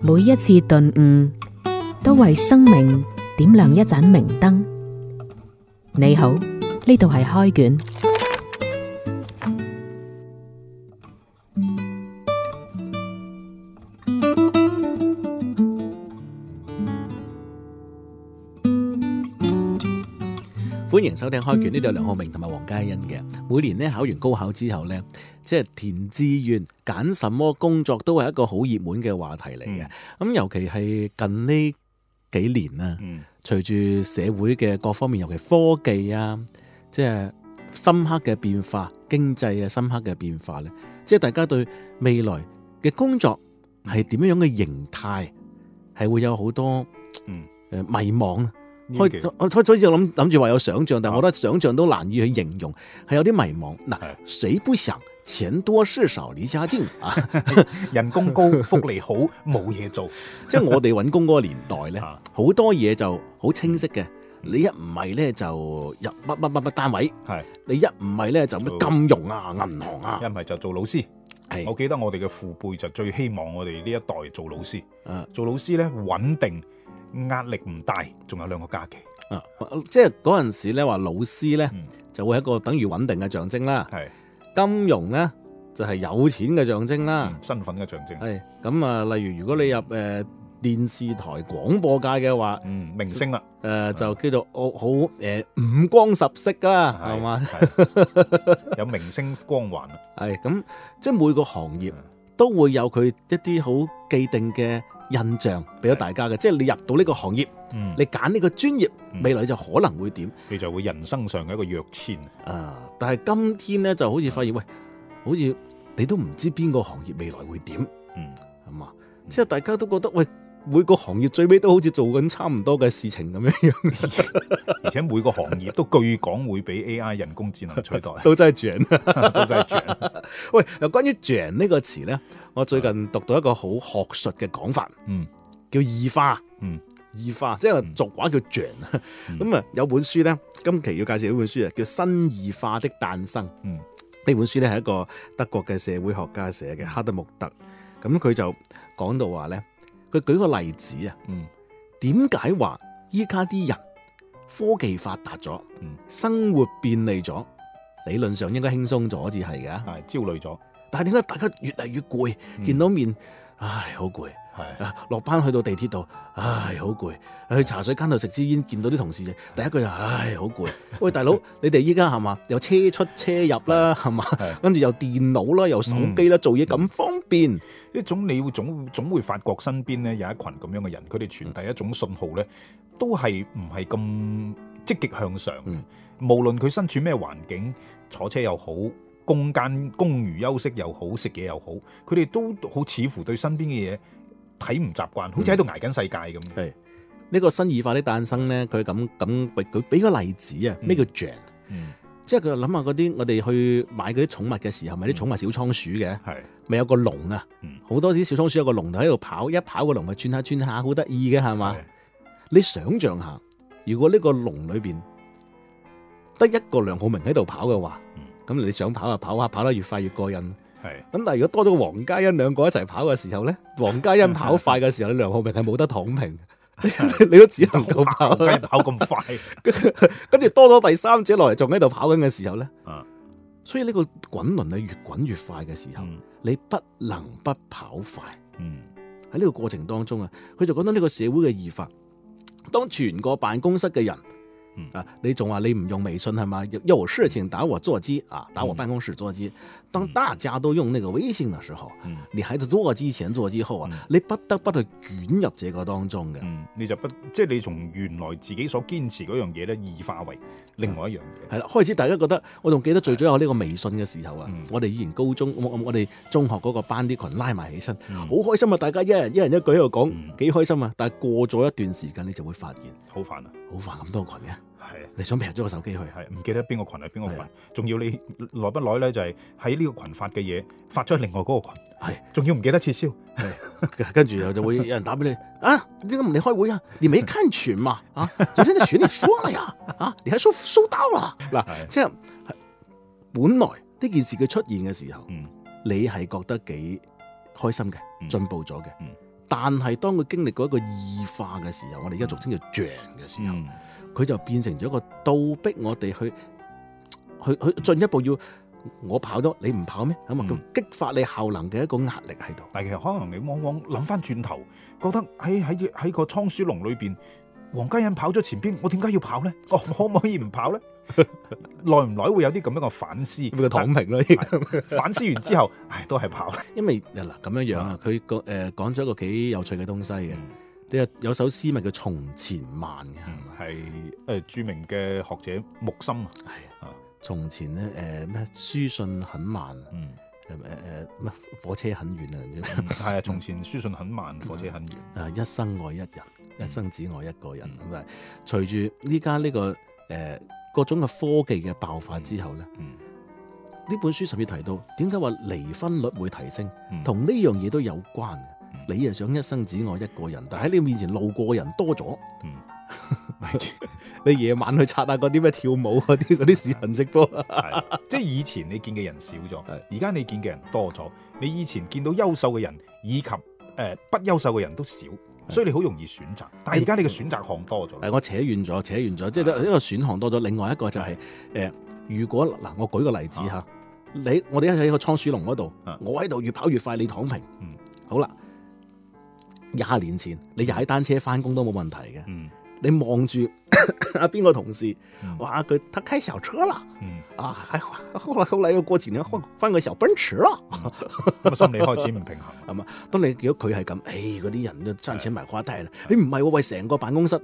每一次頓悟，都為生命點亮一盞明燈。你好，呢度係開卷。收聽開卷呢度，梁浩明同埋黃嘉欣嘅，每年呢考完高考之後呢，即係填志願揀什麼工作都係一個好熱門嘅話題嚟嘅。咁、嗯、尤其係近呢幾年啊，嗯、隨住社會嘅各方面，尤其科技啊，即係深刻嘅變化，經濟啊，深刻嘅變化呢，即係大家對未來嘅工作係點樣樣嘅形態，係、嗯、會有好多誒迷茫。開我開始諗諗住話有想象，但係我覺得想象都難以去形容，係、嗯、有啲迷茫。嗱是，誰不想錢多事少離家近啊？ 人工高，福利好，冇嘢做。 即係我哋搵工嗰個年代咧，好、嗯、多嘢就好清晰嘅。嗯、你一唔係咧就入乜乜乜乜單位，係是你一唔係咧就咩金融啊、銀行啊，一唔係就做老師。係是，我記得我哋嘅父輩就最希望我哋呢一代做老師。嗯、啊，做老師咧穩定。壓力唔大，仲有兩個假期。啊、嗯，即係嗰陣時咧，話老師咧就會一個等於穩定嘅象徵啦。係是金融咧就係、是、有錢嘅象徵啦，嗯、身份嘅象徵。係咁啊，例如如果你入誒電視台廣播界嘅話，嗯，明星啦，誒就叫做、呃嗯、好誒、呃、五光十色㗎啦，係嘛是吧？有明星光環啊。係咁， 即係每個行業都會有佢一啲好既定嘅。印象俾咗大家嘅，即係你入到呢個行業，嗯、你揀呢個專業，未來就可能會點？你就會人生上嘅一個躍遷啊！但係今天咧，就好似發現，嗯、喂，好似你都唔知邊個行業未來會點，嗯，係嘛？即係大家都覺得，喂，每個行業最尾都好似做緊差唔多嘅事情咁樣樣， 而且每個行業都據講會俾 A I 人工智能取代，都真係捲， 都真係捲。喂，關於捲呢個詞咧。我最近讀到一個好學術嘅講法，嗯，叫異化，嗯，異化，即係俗話叫象，咁啊、嗯、有本書咧，今期要介紹呢本書啊，叫《新異化的誕生》，嗯，呢本書咧係一個德國嘅社會學家寫嘅，常常哈德穆特，咁佢就講到話咧，佢舉個例子啊，嗯，點解話依家啲人科技發達咗，嗯、生活便利咗，理論上應該輕鬆咗，至係嘅，但係焦慮咗。但係點解大家越嚟越攰？見到面，嗯、唉，好攰。係是的、啊，落班去到地鐵度，唉，好攰。去茶水間度食支煙，見到啲同事啫。第一句就，唉，好攰。 喂，大佬，你哋依家係嘛？又車出車入啦，係嘛？跟住又電腦啦，又手機啦，嗯、做嘢咁方便。一、嗯嗯、種你會總總會發覺身邊咧有一群咁樣嘅人，佢哋傳遞一種信號咧，都係唔係咁積極向上嘅。嗯、無論佢身處咩環境，坐車又好。公間公餘休息又好，食嘢又好，佢哋都好似乎對身邊嘅嘢睇唔習慣，好似喺度捱緊世界咁。係呢個新異化啲誕生咧，佢咁咁佢佢俾個例子啊，咩叫象？嗯，即係佢諗下嗰啲我哋去買嗰啲寵物嘅時候，咪啲寵物小倉鼠嘅，係咪有個籠啊？好多啲小倉鼠有個籠，就喺度跑，一跑個籠咪轉下轉下，好得意嘅係嘛？你想象下，如果呢個籠裏邊得一個梁浩明喺度跑嘅話。咁你想跑啊跑啊，跑得越快越過癮。係咁是，但係如果多咗黃家欣兩個一齊跑嘅時候咧，黃家欣跑快嘅時候， 梁浩明係冇得躺平， 你都只能夠跑。跑咁快， 跟住多咗第三者落嚟，仲喺度跑緊嘅時候咧，所以呢個滾輪咧越滾越快嘅時候，你不能不跑快。嗯，喺呢個過程當中啊，佢就講到呢個社會嘅異化。當全個辦公室嘅人。啊，嗯、啊！你仲話你唔用微信係嘛？有有事情打我座機啊，打我辦公室座機。嗯。當大家都用呢個微信嘅時候，嗯、你喺度做之前做之後啊，嗯、你不得不去捲入這個當中嘅，嗯。你就不即係你從原來自己所堅持嗰樣嘢咧，異化為另外一樣嘢。係啦，嗯，開始大家覺得，我仲記得最早有呢個微信嘅時候啊，嗯、我哋以前高中，我哋中學嗰個班啲群拉埋起身，好，嗯、開心啊！大家一人一人一句喺度講，幾、嗯、開心啊！但係過咗一段時間，你就會發現，好煩啊，好煩咁多群嘅，啊。係啊，你想撇咗個手機去，係唔記得邊個群係邊個群，仲要你耐不耐咧就係喺呢個群發嘅嘢，發出去另外嗰個群，係仲要唔記得撤銷，係跟住又就會有人打俾你：「啊，點解唔嚟開會啊？你未看群嘛，啊，昨天在群裏說了呀，啊，你喺收收到啦，嗱，即係本來呢件事佢出現嘅時候，你係覺得幾開心嘅，進步咗嘅，但係當佢經歷過一個異化嘅時候，我哋而家俗稱叫漲嘅時候。佢就變成咗一個倒逼我哋去去去進一步要我跑多，你唔跑咩？咁樣，激發你效能嘅一個壓力喺度、嗯。但係其實可能你往往諗翻轉頭，覺得喺喺喺個倉鼠籠裏邊，黃家欣跑咗前邊，我點解要跑咧？我可唔可以唔跑咧？耐唔耐會有啲咁樣嘅反思，叫做躺平啦。反思完之後，唉、哎，都係跑，因為嗱咁樣樣啊，佢講誒講咗一個幾有趣嘅東西嘅。你有首詩咪叫從前慢嘅係誒，著名嘅學者木心啊。係啊、哎。從前咧，誒、呃、咩？書信很慢，嗯，誒誒咩？火車很遠、嗯、啊。係啊，從前書信很慢，嗯、火車很遠。啊，一生愛一人，一生只愛一個人。咁啊、嗯，隨住呢家呢個誒、呃、各種嘅科技嘅爆發之後咧、嗯，嗯，呢本書甚至提到點解話離婚率會提升，同呢樣嘢都有關。你係想一生只愛一個人，但喺你面前路過嘅人多咗。嗯， 你夜晚去刷下嗰啲咩跳舞嗰啲嗰啲視頻直播， 即係以前你見嘅人少咗，而家是你見嘅人多咗。你以前見到優秀嘅人以及誒、呃、不優秀嘅人都少，所以你好容易選擇。但係而家你嘅選擇項多咗。係我扯遠咗，扯遠咗，即係一個選項多咗。是另外一個就係、是、誒、呃，如果嗱、啊，我舉個例子吓，是你我哋喺喺個倉鼠籠嗰度，是我喺度越跑越快，你躺平。嗯，好啦。廿年前你踩單車翻工都冇問題嘅，你望住阿邊個同事，哇佢揸開小車啦，啊，後來後來又過幾年換返個小奔馳啦，咁心理開始唔平衡係嘛？當你如果佢係咁，誒嗰啲人都賺錢埋瓜袋啦，你唔係喂，成個辦公室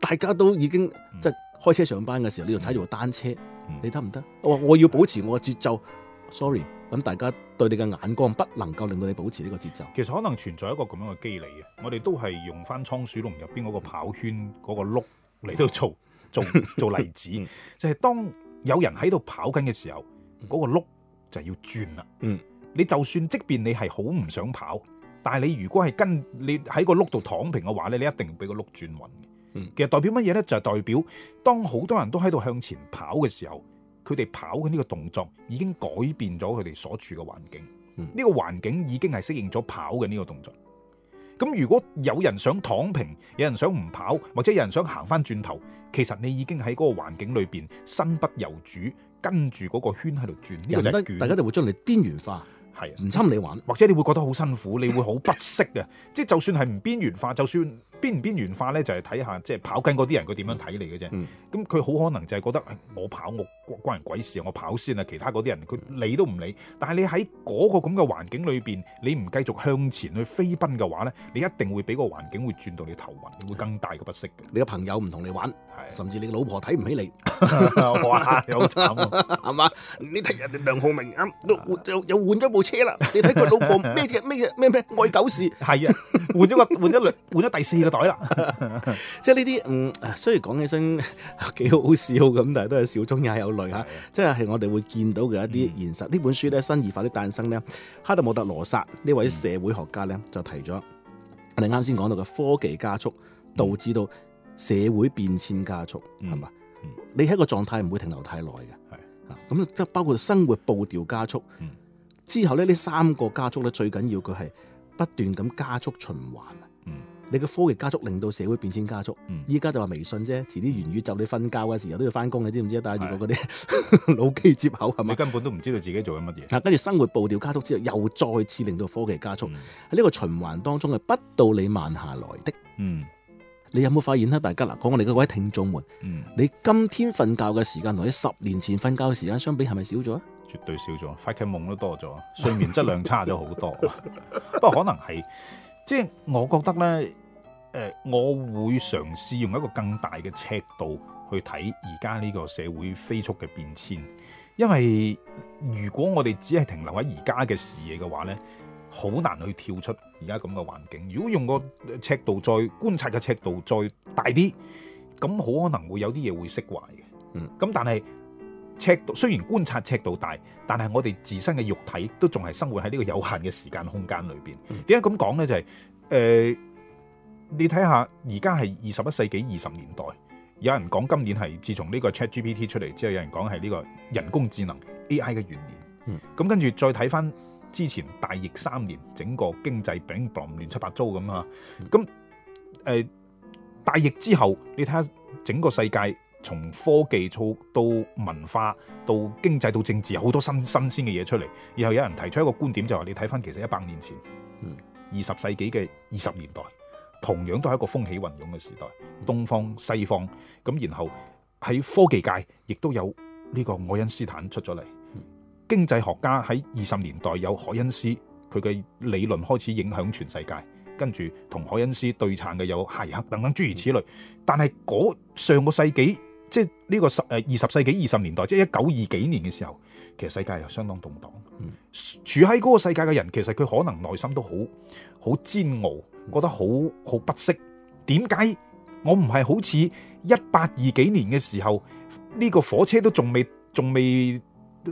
大家都已經即係開車上班嘅時候，你度踩住個單車，你得唔得？我我要保持我嘅節奏，sorry。咁大家對你嘅眼光不能夠令到你保持呢個節奏，其實可能存在一個咁樣嘅機理嘅。我哋都係用翻倉鼠籠入邊嗰個跑圈嗰個碌嚟到做哇做做例子， 就係當有人喺度跑緊嘅時候，嗰、嗰個碌就要轉啦。嗯，你就算即便你係好唔想跑，但係你如果係跟你喺個碌度躺平嘅話咧，你一定俾個碌轉暈。嗯，其實代表乜嘢呢？就係、係、代表當好多人都喺度向前跑嘅時候。佢哋跑嘅呢個動作已經改變咗佢哋所處嘅環境，呢、嗯、個環境已經係適應咗跑嘅呢個動作。咁如果有人想躺平，有人想唔跑，或者有人想行翻轉頭，其實你已經喺嗰個環境裏邊身不由主，跟住嗰個圈喺度轉。這個、就人覺得大家就會將你邊緣化，係唔、啊、侵你玩，或者你會覺得好辛苦，你會好不適嘅。 即就算係唔邊緣化，就算邊唔邊緣化呢，就係睇下即係跑緊嗰啲人佢點樣睇你嘅啫。咁佢好可能就係覺得我跑我跑。我跑關人鬼事啊！我跑先啊。其他嗰啲人佢理都唔理。但係你喺嗰個咁嘅環境裏邊，你唔繼續向前去飛奔嘅話咧，你一定會俾個環境會轉到你頭暈，會更大嘅不適。你嘅朋友唔同你玩，的甚至你嘅老婆睇唔起你，哇、 哦！好慘啊嘛！ 你睇梁浩明咁、啊、又又，又換咗部車啦，你睇佢老婆咩嘢咩嘢咩咩愛狗事係啊，換咗個換咗兩換咗第四個袋啦。 即係呢啲嗯，雖然講起身幾好笑咁，但係都係小中有。類吓，即係我哋會見到嘅一啲現實呢、嗯、本書咧，新異化的誕生咧，哈特莫特羅薩呢位社會學家咧就提咗，我哋啱先講到嘅科技加速、嗯、導致到社會變遷加速，係嘛？嗯嗯、你喺個狀態唔會停留太耐嘅，係啊，咁即係包括生活步調加速、嗯、之後咧，呢三個加速咧，最緊要佢係不斷咁加速循環。你嘅科技加速令到社會變遷加速，依家、嗯、就話微信啫，遲啲元宇宙你瞓覺嘅時候都要返工，你知唔知啊的？但係如果嗰啲老機接口係咪？根本都唔知道自己做緊乜嘢。嗱、啊，跟住生活步調加速之後，又再次令到科技加速喺呢、嗯、個循環當中係不到你慢下來的。嗯，你有冇發現啊？大家嗱，講我哋各位聽眾們，嗯、你今天瞓覺嘅時間同你十年前瞓覺嘅時間相比是是，係咪少咗啊？絕對少咗，發噩夢都多咗，睡眠質量差咗好多。 不過可能係，即、就、係、是、我覺得咧。誒，我會嘗試用一個更大嘅尺度去睇而家呢個社會飛速嘅變遷，因為如果我哋只係停留喺而家嘅視野嘅話呢，好難去跳出而家咁嘅環境。如果用個尺度再觀察嘅尺度再大啲，咁好可能會有啲嘢會釋懷嘅。嗯，咁但係尺度雖然觀察尺度大，但係我哋自身嘅肉體都仲係生活喺呢個有限嘅時間空間裏邊。點解咁講呢？就係、是、誒。呃你睇下，而家係二十一世紀二十年代，有人講今年係自從呢個 ChatGPT 出嚟之後，有人講係呢個人工智能 AI 嘅元年。咁、嗯、跟住再睇翻之前大疫三年，整個經濟炳唪亂七八糟咁啊！咁誒、呃、大疫之後，你睇下整個世界，從科技到文化到經濟到政治，有好多新新鮮嘅嘢出嚟。然後有人提出一個觀點，就話、是、你睇翻其實一百年前，二十、嗯、世紀嘅二十年代。同樣都係一個風起雲湧嘅時代，東方西方咁，然後喺科技界亦都有呢個愛因斯坦出咗嚟，經濟學家喺二十年代有凱恩斯，佢嘅理論開始影響全世界，跟住同凱恩斯對撐嘅有哈耶克等等諸如此類。但係上個世紀，即係呢個十誒二十世紀二十年代，即係一九二幾年嘅時候，其實世界係相當動盪。嗯。處喺嗰個世界嘅人，其實佢可能內心都好好煎熬。覺得我好好不息，點解我唔係好似一八二幾年嘅時候呢、呢個火車都仲未仲未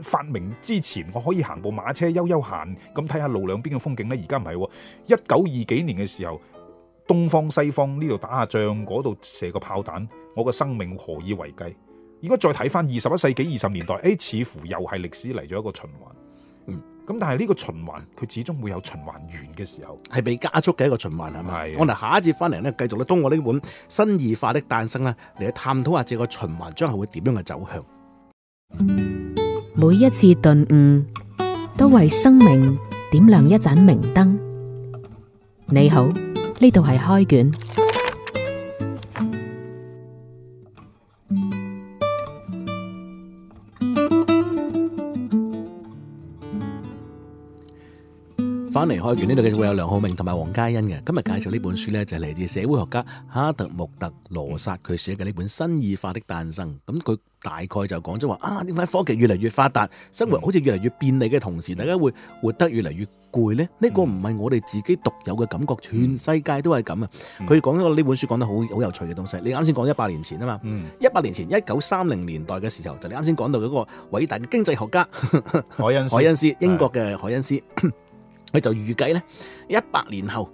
發明之前，我可以行部馬車悠悠閒咁睇下路兩邊嘅風景呢？而家唔係喎，一九二幾年嘅時候，東方西方呢度打下仗，嗰度射個炮彈，我個生命何以為繼？如果再睇翻二十一世紀二十年代，誒、欸，似乎又係歷史嚟咗一個循環，嗯。咁但係呢個循環，佢始終會有循環完嘅時候，係被加速嘅一個循環係咪？是是的我哋下一節翻嚟，呢，繼續咧通過呢本新異化的誕生呢嚟，去探討下，呢個循環將係會點樣嘅走向。每一次頓悟，都為生命點亮一盞明燈。你好，呢度係開卷。離開開完呢度繼續會有梁浩明同埋黃嘉欣嘅今日介紹呢本書呢，就係嚟自社會學家哈特穆特羅薩佢寫嘅呢本新異化的誕生咁佢大概就講咗話啊點解科技越嚟越發達生活好似越嚟越便利嘅同時大家會活得越嚟越攰呢？呢、呢個唔係我哋自己獨有嘅感覺、嗯、全世界都係咁啊佢講咗呢本書講得好好有趣嘅東西你啱先講一百年前啊嘛一百年前一九三零年代嘅時候就你啱先講到嗰個偉大嘅經濟學家海恩斯英國嘅海恩斯 佢就預計咧，一百年後，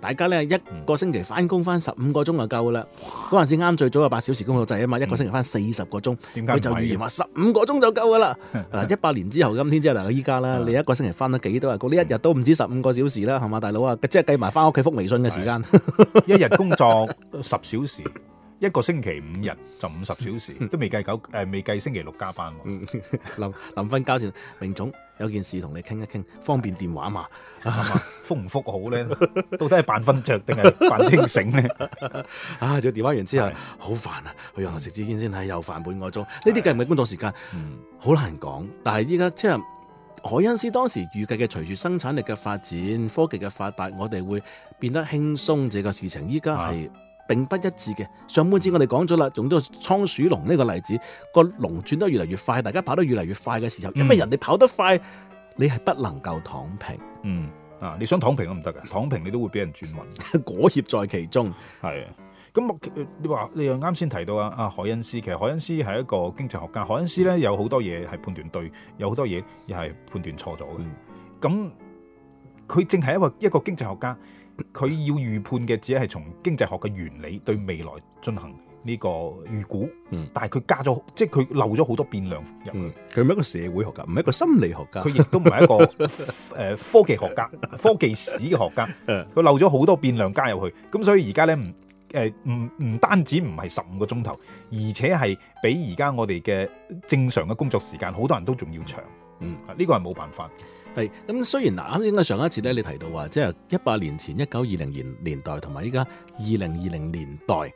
大家咧一個星期翻工翻十五個鐘就夠啦。嗰陣時啱最早有八小時工作制啊嘛，一個星期翻四十個鐘，佢就預言話十五個鐘就夠噶啦。嗱，一百年之後，今天即係嗱，依家啦，你一個星期翻得幾多啊？嗰啲一日都唔止十五個小時啦，係嘛，大佬啊，即係計埋翻屋企覆微信嘅時間，一日工作十小時。一個星期五日就五十小時，嗯、都未計九誒，未、呃、計星期六加班。臨臨瞓覺前，明總有件事同你傾一傾，方便電話嘛？啊、是是覆唔覆好咧？ 到底係扮瞓着定係扮清醒咧？啊，做電話員之後的好煩啊！去銀行食支煙先睇，又煩半個鐘。呢啲計唔計工作時間？好、嗯、難講。但係依家即係凱恩斯當時預計嘅，隨住生產力嘅發展、科技嘅發達，我哋會變得輕鬆。這個事情依家係。 並不一致嘅。上半節我哋講咗啦，用咗倉鼠籠呢個例子，個籠轉得越嚟越快，大家跑得越嚟越快嘅時候，因為人哋跑得快，嗯、你係不能夠躺平。嗯，啊，你想躺平都唔得嘅，躺平你都會俾人轉暈，裹挾 在其中。係啊，咁你話你又啱先提到啊，啊凱恩斯，其實凱恩斯係一個經濟學家，凱恩斯咧有好多嘢係判斷對，有好多嘢又係判斷錯咗嘅。咁佢淨係一個一個經濟學家。佢要預判嘅只係從經濟學嘅原理對未來進行呢個預估，嗯，但係佢加咗，即係佢漏咗好多變量入去。佢唔係一個社會學家，唔係一個心理學家，佢亦都唔係一個誒科技學家、科技史嘅學家。佢漏咗好多變量加入去，咁所以而家咧唔誒唔唔單止唔係十五個鐘頭，而且係比而家我哋嘅正常嘅工作時間好多人都仲要長。嗯，呢、嗯、個係冇辦法。係咁，雖然嗱，啱先嘅上一次咧，你提到話，即係一百年前一九二零年年代，同埋依家二零二零年代，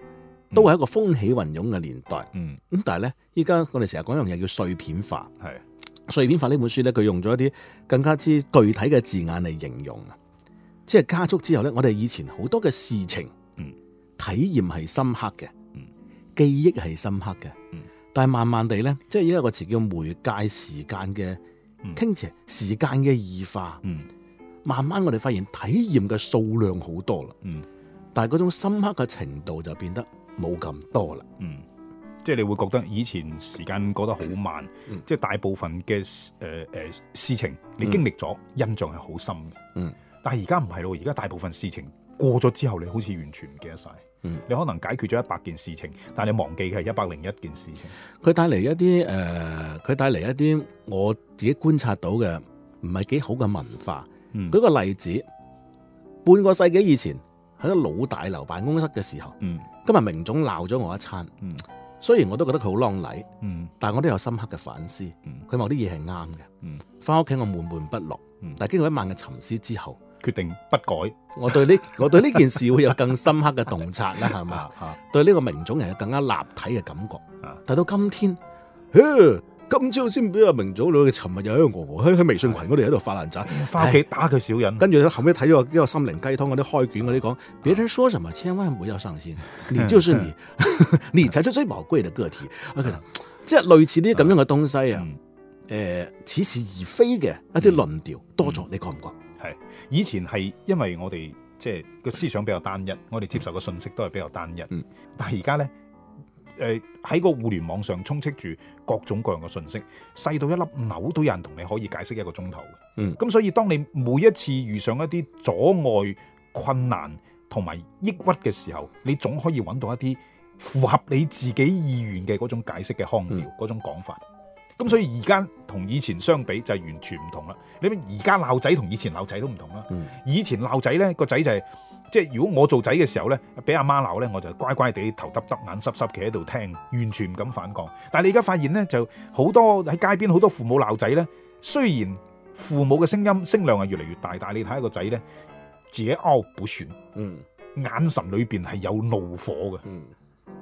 都係一個風起雲湧嘅年代。嗯，咁但係咧，依家我哋成日講一樣嘢，叫碎片化。係是碎片化呢本書咧，佢用咗一啲更加之具體嘅字眼嚟形容啊。即係加速之後咧，我哋以前好多嘅事情，嗯，體驗係深刻嘅，嗯，記憶係深刻嘅，嗯，但係慢慢地咧，即係一個詞叫媒介時間嘅。傾斜時間嘅異化，嗯、慢慢我哋發現體驗嘅數量好多啦，嗯、但係嗰種深刻嘅程度就變得冇咁多啦。嗯，即係你會覺得以前時間過得好慢，嗯、即係大部分嘅誒誒事情你經歷咗、嗯、印象係好深嘅。嗯，但係而家唔係咯，而家大部分事情過咗之後，你好似完全唔記得晒。嗯，你可能解決咗一百件事情，但係你忘記嘅係一百零一件事情。佢帶嚟一啲誒，佢、呃、帶嚟一啲我自己觀察到嘅唔係幾好嘅文化。嗯、舉個例子，半個世紀以前喺個老大樓辦公室嘅時候，嗯，今日明總鬧咗我一餐，嗯，雖然我都覺得佢好浪禮，嗯，但係我都有深刻嘅反思。佢某啲嘢係啱嘅，嗯，翻屋企我悶悶不樂，但係經過一晚嘅沉思之後。決定不改，我對呢，我對呢件事會有更深刻嘅洞察啦，係嘛？對呢個名種人有更加立體嘅感覺。但到今天，今朝先俾阿明總女，尋日又喺我喺喺微信群嗰度喺度發爛渣，翻屋企打佢小人，跟住咧後尾睇咗啲個心靈雞湯嗰啲開卷嗰啲講，別人說什麼，千萬不要上心，你就是你，你才是最寶貴的個體。OK，即係類似呢啲咁樣嘅東西啊，誒，似是而非嘅一啲論調多咗，你覺唔覺？係，以前係因為我哋即係、個思想比較單一，嗯、我哋接受嘅信息都係比較單一。嗯、但係而家呢，誒、呃、喺個互聯網上充斥住各種各樣嘅信息，細到一粒鈕都有人同你可以解釋一個鐘頭。嗯，咁所以當你每一次遇上一啲阻礙、困難同埋抑鬱嘅時候，你總可以揾到一啲符合你自己意願嘅嗰種解釋嘅腔調嗰、嗯、種講法。咁、嗯、所以而家同以前相比就係完全唔同啦。你咪而家鬧仔同以前鬧仔都唔同啦。嗯、以前鬧仔呢個仔就係、是，即係如果我做仔嘅時候呢，俾阿媽鬧呢，我就乖乖地頭耷耷、眼濕濕企喺度聽，完全唔敢反抗。但係你而家發現呢，就好多喺街邊好多父母鬧仔呢，雖然父母嘅聲音聲量係越嚟越大，但係你睇下個仔呢，自己拗補喘，嗯、眼神裏邊係有怒火嘅。嗯、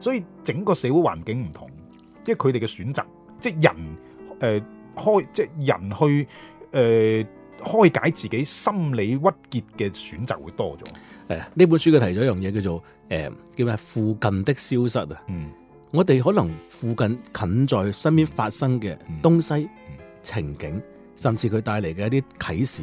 所以整個社會環境唔同，即係佢哋嘅選擇。即係人誒、呃，開即係人去誒、呃，開解自己心理鬱結嘅選擇會多咗。誒，呢本書佢提咗一樣嘢叫做誒、呃，叫咩？附近的消失啊。嗯，我哋可能附近近在身邊發生嘅東西、嗯嗯嗯、情景，甚至佢帶嚟嘅一啲啟示，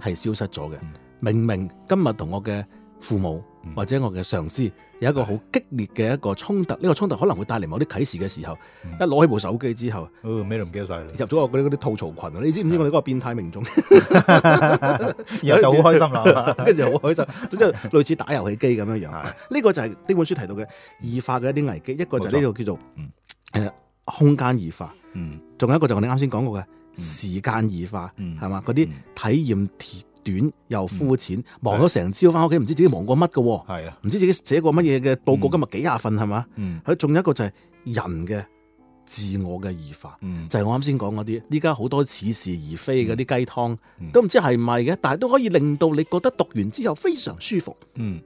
係消失咗嘅。嗯嗯嗯、明明今日同我嘅父母或者我嘅上司有一個好激烈嘅一個衝突，呢，這個衝突可能會帶嚟某啲啟示嘅時候，嗯、一攞起一部手機之後，咩都唔記得晒，入咗我嗰啲嗰啲吐槽群，你知唔知我哋嗰個變態命中，然 家 就好開心啦，跟住好開心，總之 類似打遊戲機咁樣樣。呢 個就係呢本書提到嘅異化嘅一啲危機，一個就呢個叫做空間異化，仲，嗯、有一個就我哋啱先講過嘅時間異化，嗯，係嘛嗰啲體驗短又膚淺，忙咗成朝翻屋企，唔知自己忙過乜嘅，係啊，唔知自己寫過乜嘢嘅報告，今日幾廿份係嘛，嗯，佢仲有一個就係人嘅自我嘅異化，嗯，就係我啱先講嗰啲，依家好多似是而非嗰啲雞湯，都唔知係唔係嘅，但係都可以令到你覺得讀完之後非常舒服，嗯，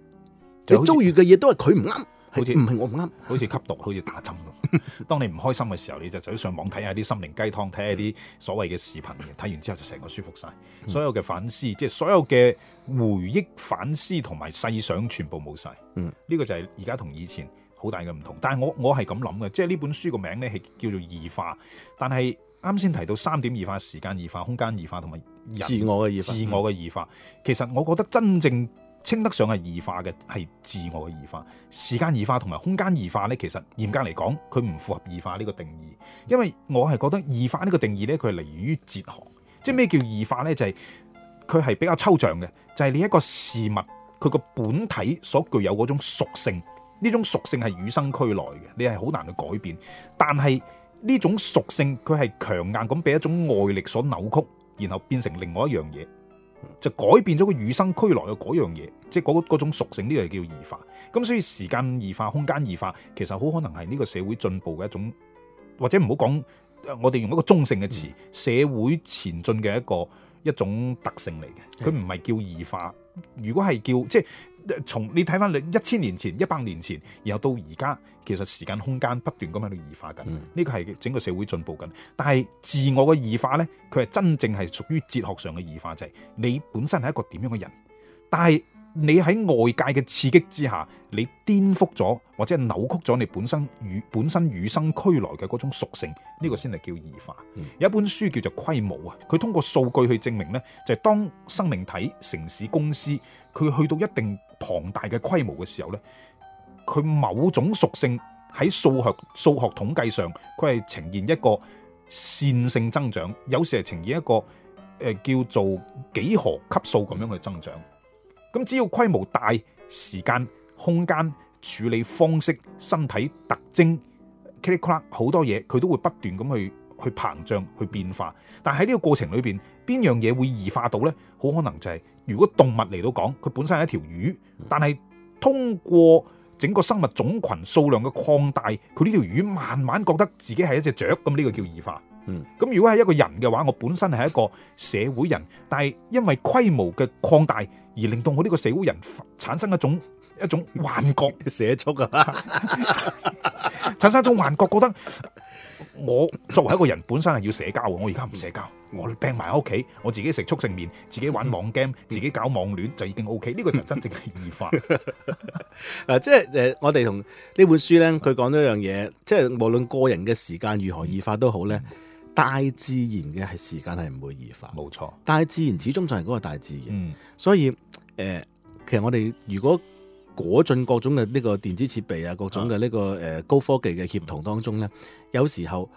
你遭遇嘅嘢都係佢唔啱，係唔係我唔啱，好似吸毒，好似打針咁。 當你唔開心嘅時候，你就走上網睇下啲心靈雞湯，睇下啲所謂嘅視頻，睇完之後就成個舒服晒。所有嘅反思，即係所有嘅回憶、反思同埋細想，全部冇晒。嗯，呢個就係而家同以前好大嘅唔同。但係我我係咁諗嘅，即係呢本書個名咧係叫做異化。但係啱先提到三點異化：時間異化、空間異化同埋人自我嘅異化。嗯、自我嘅異化，其實我覺得真正，稱得上係異化嘅係自我嘅異化，時間異化同埋空間異化呢，其實嚴格嚟講，佢唔符合異化呢個定義，因為我係覺得異化呢個定義呢，佢係嚟源於哲學，即係咩叫異化呢？就係佢係比較抽象嘅，就係、是、你一個事物佢個本體所具有嗰種屬性，呢種屬性係與生俱來嘅，你係好難去改變，但係呢種屬性佢係強硬咁被一種外力所扭曲，然後變成另外一樣嘢。就改變咗個與生俱來嘅嗰樣嘢，即係嗰嗰種屬性，呢個叫異化。咁所以時間異化、空間異化，其實好可能係呢個社會進步嘅一種，或者唔好講，我哋用一個中性嘅詞，嗯、社會前進嘅一個一種特性嚟嘅。佢唔係叫異化，如果係叫即係。從你睇翻你一千年前、一百年前，然後到而家，其實時間空間不斷咁喺度異化緊，呢個係整個社會進步緊。但係自我嘅異化呢，佢係真正係屬於哲學上嘅異化，就係你本身係一個點樣嘅人，但係。你喺外界嘅刺激之下，你顛覆咗或者扭曲咗你本身與本身與生俱來嘅嗰種屬性，呢、這個先係叫異化。嗯、有一本書叫做《規模》啊，佢通過數據去證明呢就係、是、當生命體、城市、公司佢去到一定龐大嘅規模嘅時候呢，佢某種屬性喺數學數學統計上，佢係呈現一個線性增長，有時係呈現一個誒、呃、叫做幾何級數咁樣嘅增長。嗯咁只要規模大、時間、空間、處理方式、身體特徵 k 好多嘢，佢都會不斷咁去去膨脹去變化。但喺呢個過程裏邊，邊樣嘢會異化到呢？好可能就係、是、如果動物嚟到講，佢本身係一條魚，但係通過整個生物種群數量嘅擴大，佢呢條魚慢慢覺得自己係一隻雀，咁呢個叫異化。咁、嗯、如果係一個人嘅話，我本身係一個社會人，但係因為規模嘅擴大而令到我呢個社會人產生一種一種幻覺嘅社畜啊， 產生一種幻覺，覺得我作為一個人本身係要社交嘅，我而家唔社交，我掟埋喺屋企，我自己食速食麵，自己玩網 game，自己搞網戀就已經 OK。呢個就真正係異化。誒，即係誒，我哋同呢本書咧，佢講咗一樣嘢，即係無論個人嘅時間如何異化都好咧。嗯大自然嘅係時間係唔會異化，冇錯錯。大自然始終就係嗰個大自然，嗯、所以誒、呃，其實我哋如果裹進各種嘅呢個電子設備啊，各種嘅呢個誒高科技嘅協同當中呢，嗯、有時候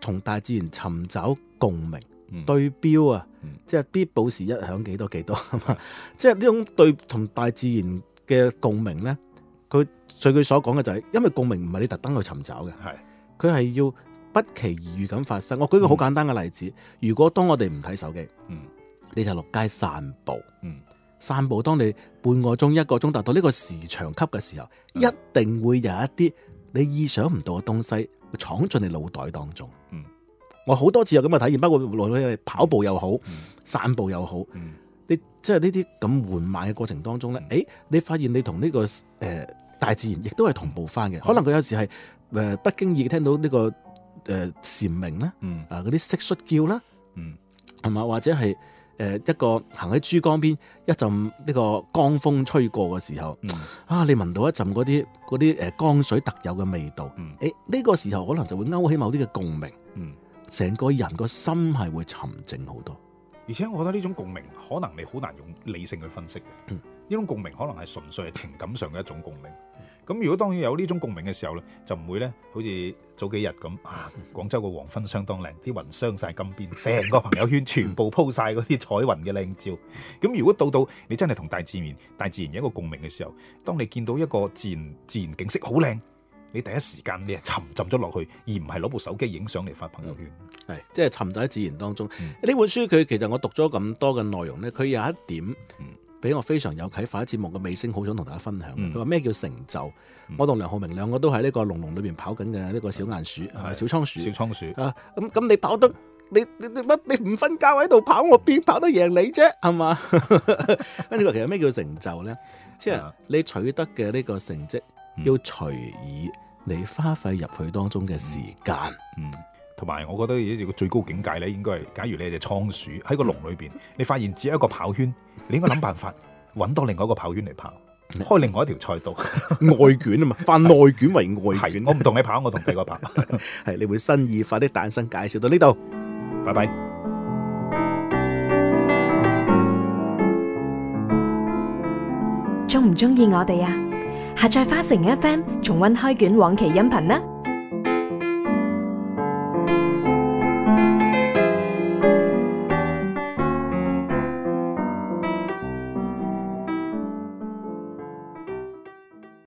同大自然尋找共鳴、嗯、對標啊，嗯、即係必報時一響幾多幾多， 即係呢種對同大自然嘅共鳴呢。佢據佢所講嘅就係，因為共鳴唔係你特登去尋找嘅，係佢係要。不期而遇咁發生。我舉個好簡單嘅例子，如果當我哋唔睇手機，你就落街散步，散步當你半個鐘、一個鐘達到呢個時長級嘅時候，一定會有一啲你意想唔到嘅東西，會闖進你腦袋當中。我好多次有咁嘅體驗，包括無論係跑步又好，散步又好，你即係呢啲咁緩慢嘅過程當中呢，誒，你發現你同呢個誒大自然亦都係同步翻嘅。可能佢有時係誒不經意聽到呢個。誒，蟬鳴咧，啊，嗰啲蟋蟀叫啦，同埋、嗯、或者係誒、呃、一個行喺珠江邊，一陣呢個江風吹過嘅時候，嗯、啊，你聞到一陣嗰啲啲誒江水特有嘅味道，誒呢、嗯欸這個時候可能就會勾起某啲嘅共鳴，成、嗯、個人個心係會沉靜好多。而且我覺得呢種共鳴可能你好難用理性去分析嘅，呢、嗯、種共鳴可能係純粹係情感上嘅一種共鳴。咁如果當然有呢種共鳴嘅時候咧，就唔會呢好似早幾日咁、啊，廣州個黃昏相當靚，啲雲鑲晒金邊，成個朋友圈全部鋪晒嗰啲彩雲嘅靚照。咁、嗯、如果到到你真係同大自然大自然有一個共鳴嘅時候，當你見到一個自然自然景色好靚，你第一時間你係沉浸咗落去，而唔係攞部手機影相嚟發朋友圈。係、嗯，即係沉浸喺自然當中。呢、嗯、本書佢其實我讀咗咁多嘅內容呢佢有一點。嗯俾我非常有啟發嘅節目嘅尾聲，好想同大家分享。佢話咩叫成就？我同梁浩明兩個都喺呢個籠籠裏邊跑緊嘅呢個小鼴鼠，小倉鼠，小倉鼠啊！咁咁，你跑得你你你乜你唔瞓覺喺度跑，我邊跑得贏你啫，係嘛？跟住話，其實咩叫成就咧？即係你取得嘅呢個成績，要除以你花費入去當中嘅時間。同埋，我覺得呢個最高境界咧，應該係假如你係隻倉鼠喺個籠裏邊，你發現只有一個跑圈，你應該諗辦法揾到另外一個跑圈嚟跑，開另外一條賽道， 外捲啊嘛，翻內捲為外捲。 我唔同你跑，我同你個跑，係 你會新異化嘅誕生介紹到呢度，拜拜 bye。中唔中意我哋啊？下載花城 FM，重温開卷往期音頻呢。